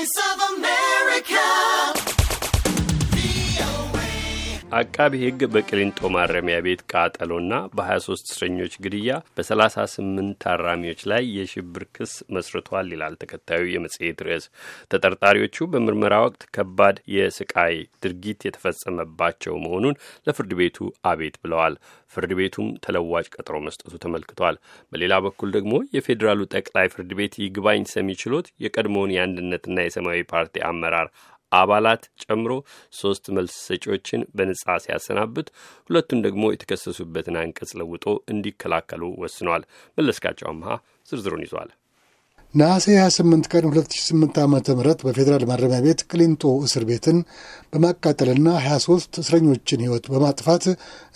Voice of አቃቢ ሕግ በቅሊንጦ ማረሚያ ቤት ቃጠሎና በ23 እስረኞች ግድያ በ38 ታራሚዎች ላይ የሽብር ክስ መስርቷል ይላል ተከታዩ የመጽሔት ርዕስ። ተጠርጣሪዎቹ በምርመራ ወቅት ከባድ የስቃይ ድርጊት የተፈጸመባቸው መሆኑን ለፍርድ ቤቱ አቤት ብለዋል። ፍርድ ቤቱም ተለዋጭ ቀጠሮ መስጠቱ ተመልክቷል። በሌላ በኩል ደግሞ የፌዴራሉ ጠቅላይ ፍርድ ቤት ይግባኝ ሰሚ ችሎት የቀድሞውን የአንድነትና የሰማያዊ ፓርቲ አመራር አባላት ጨምሮ ሶስት መልስ ሰጪዎችን በነጻ ሲያሰናብት ሁለቱን ደግሞ የተከሰሱበትን አንቀጽ ለውጦ እንዲከላከሉ ወስኗል። መለስካቸው አምሃ ዝርዝሩን ይዟል። ነሐሴ 28 ቀን 2008 ዓ ም በፌዴራል ማረሚያ ቤት ቅሊንጦ እስር ቤትን በማቃጠልና 23 እስረኞችን ሕይወት በማጥፋት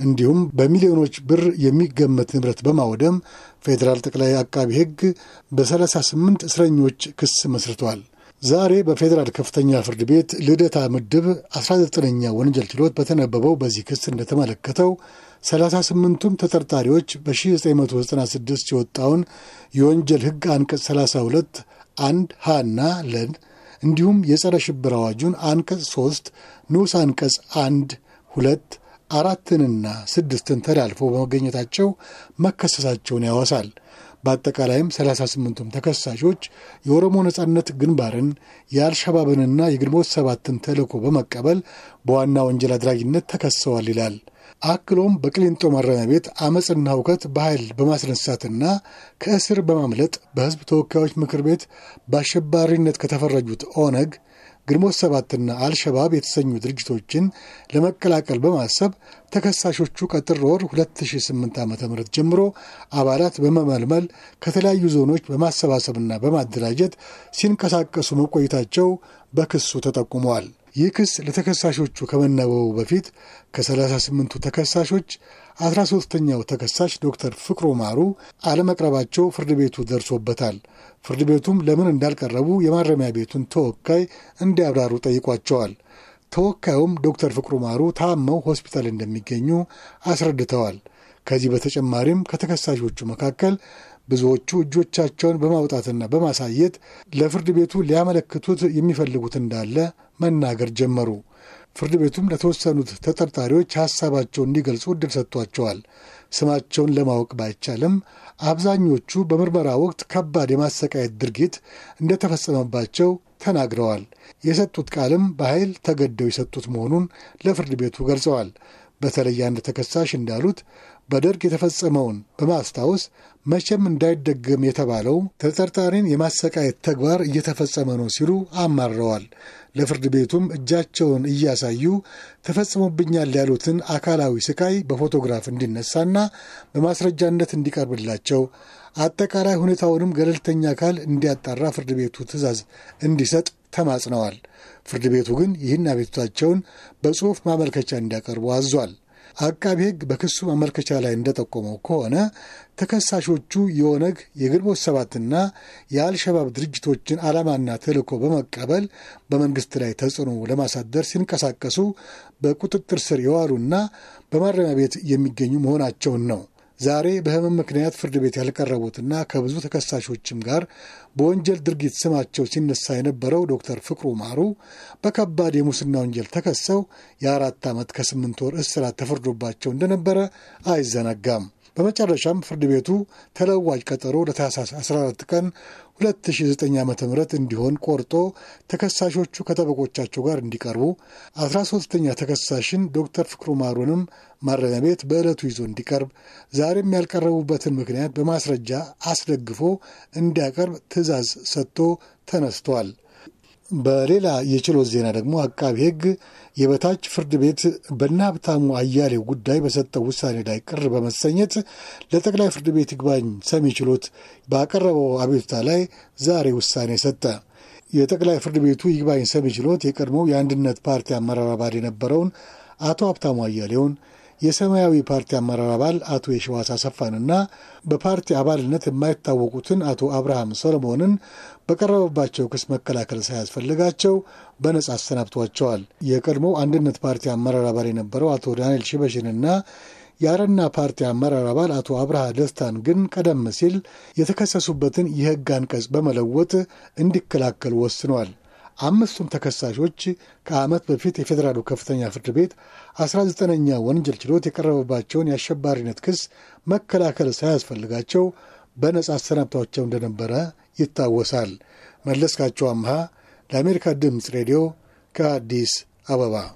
እንዲሁም በሚሊዮኖች ብር የሚገመት ንብረት በማውደም ፌዴራል ጠቅላይ አቃቢ ሕግ በ38 እስረኞች ክስ መስርቷል። ዛሬ በፌዴራል ከፍተኛ ፍርድ ቤት ልደታ ምድብ 19ኛ ወንጀል ችሎት በተነበበው በዚህ ክስ እንደተመለከተው 38ቱም ተጠርጣሪዎች በ1996 የወጣውን የወንጀል ሕግ አንቀጽ 32 አንድ ሃና ለን እንዲሁም የጸረ ሽብር አዋጁን አንቀጽ 3 ንዑስ አንቀጽ 1 2 አራትንና ስድስትን ተላልፎ በመገኘታቸው መከሰሳቸውን ያወሳል። በአጠቃላይም 38ቱም ተከሳሾች የኦሮሞ ነጻነት ግንባርን የአልሸባብንና የግንቦት ሰባትን ተልዕኮ በመቀበል በዋና ወንጀል አድራጊነት ተከሰዋል ይላል። አክሎም በቅሊንጦ ማረሚያ ቤት አመፅና ሁከት በኃይል በማስነሳትና ከእስር በማምለጥ በሕዝብ ተወካዮች ምክር ቤት በአሸባሪነት ከተፈረጁት ኦነግ ግንቦት ሰባትና አልሸባብ የተሰኙ ድርጅቶችን ለመቀላቀል በማሰብ ተከሳሾቹ ከጥር ወር 2008 ዓ ም ጀምሮ አባላት በመመልመል ከተለያዩ ዞኖች በማሰባሰብና በማደራጀት ሲንቀሳቀሱ መቆየታቸው በክሱ ተጠቁመዋል። ይህ ክስ ለተከሳሾቹ ከመነበቡ በፊት ከ38ቱ ተከሳሾች አስራ ሶስተኛው ተከሳሽ ዶክተር ፍቅሩ ማሩ አለመቅረባቸው ፍርድ ቤቱ ደርሶበታል። ፍርድ ቤቱም ለምን እንዳልቀረቡ የማረሚያ ቤቱን ተወካይ እንዲያብራሩ ጠይቋቸዋል። ተወካዩም ዶክተር ፍቅሩ ማሩ ታመው ሆስፒታል እንደሚገኙ አስረድተዋል። ከዚህ በተጨማሪም ከተከሳሾቹ መካከል ብዙዎቹ እጆቻቸውን በማውጣትና በማሳየት ለፍርድ ቤቱ ሊያመለክቱት የሚፈልጉት እንዳለ መናገር ጀመሩ። ፍርድ ቤቱም ለተወሰኑት ተጠርጣሪዎች ሐሳባቸውን እንዲገልጹ ዕድል ሰጥቷቸዋል። ስማቸውን ለማወቅ ባይቻልም አብዛኞቹ በምርመራ ወቅት ከባድ የማሰቃየት ድርጊት እንደተፈጸመባቸው ተናግረዋል። የሰጡት ቃልም በኃይል ተገደው የሰጡት መሆኑን ለፍርድ ቤቱ ገልጸዋል። በተለይ አንድ ተከሳሽ እንዳሉት በደርግ የተፈጸመውን በማስታወስ መቼም እንዳይደገም የተባለው ተጠርጣሪን የማሰቃየት ተግባር እየተፈጸመ ነው ሲሉ አማረዋል። ለፍርድ ቤቱም እጃቸውን እያሳዩ ተፈጽሞብኛል ያሉትን አካላዊ ስቃይ በፎቶግራፍ እንዲነሳና በማስረጃነት እንዲቀርብላቸው አጠቃላይ ሁኔታውንም ገለልተኛ አካል እንዲያጣራ ፍርድ ቤቱ ትዕዛዝ እንዲሰጥ ተማጽነዋል። ፍርድ ቤቱ ግን ይህን አቤቱታቸውን በጽሑፍ ማመልከቻ እንዲያቀርቡ አዟል። አቃቢ ሕግ በክሱ ማመልከቻ ላይ እንደጠቆመው ከሆነ ተከሳሾቹ የኦነግ የግንቦት ሰባትና የአልሸባብ ድርጅቶችን ዓላማና ተልእኮ በመቀበል በመንግሥት ላይ ተጽዕኖ ለማሳደር ሲንቀሳቀሱ በቁጥጥር ስር የዋሉና በማረሚያ ቤት የሚገኙ መሆናቸውን ነው። ዛሬ በህመም ምክንያት ፍርድ ቤት ያልቀረቡትና ከብዙ ተከሳሾችም ጋር በወንጀል ድርጊት ስማቸው ሲነሳ የነበረው ዶክተር ፍቅሩ ማሩ በከባድ የሙስና ወንጀል ተከሰው የአራት ዓመት ከስምንት ወር እስራት ተፈርዶባቸው እንደነበረ አይዘነጋም። በመጨረሻም ፍርድ ቤቱ ተለዋጅ ቀጠሮ ለታህሳስ 14 ቀን 2009 ዓ ም እንዲሆን ቆርጦ ተከሳሾቹ ከጠበቆቻቸው ጋር እንዲቀርቡ 13ተኛ ተከሳሽን ዶክተር ፍቅሩ ማሩንም ማረሚያ ቤት በዕለቱ ይዞ እንዲቀርብ ዛሬም ያልቀረቡበትን ምክንያት በማስረጃ አስደግፎ እንዲያቀርብ ትዕዛዝ ሰጥቶ ተነስቷል። በሌላ የችሎት ዜና ደግሞ አቃቢ ሕግ የበታች ፍርድ ቤት በእነ ሀብታሙ አያሌው ጉዳይ በሰጠው ውሳኔ ላይ ቅር በመሰኘት ለጠቅላይ ፍርድ ቤት ይግባኝ ሰሚ ችሎት ባቀረበው አቤቱታ ላይ ዛሬ ውሳኔ ሰጠ። የጠቅላይ ፍርድ ቤቱ ይግባኝ ሰሚ ችሎት የቀድሞው የአንድነት ፓርቲ አመራር አባል የነበረውን አቶ ሀብታሙ አያሌውን የሰማያዊ ፓርቲ አመራር አባል አቶ የሸዋስ አሰፋንና በፓርቲ አባልነት የማይታወቁትን አቶ አብርሃም ሰሎሞንን በቀረበባቸው ክስ መከላከል ሳያስፈልጋቸው በነጻ አሰናብቷቸዋል። የቀድሞው አንድነት ፓርቲ አመራር አባል የነበረው አቶ ዳንኤል ሽበሽንና የአረና ፓርቲ አመራር አባል አቶ አብርሃ ደስታን ግን ቀደም ሲል የተከሰሱበትን የሕግ አንቀጽ በመለወጥ እንዲከላከል ወስኗል። አምስቱም ተከሳሾች ከዓመት በፊት የፌዴራሉ ከፍተኛ ፍርድ ቤት 19ኛ ወንጀል ችሎት የቀረበባቸውን የአሸባሪነት ክስ መከላከል ሳያስፈልጋቸው በነጻ አሰናብቷቸው እንደነበረ ይታወሳል። መለስካቸው አምሃ ለአሜሪካ ድምፅ ሬዲዮ ከአዲስ አበባ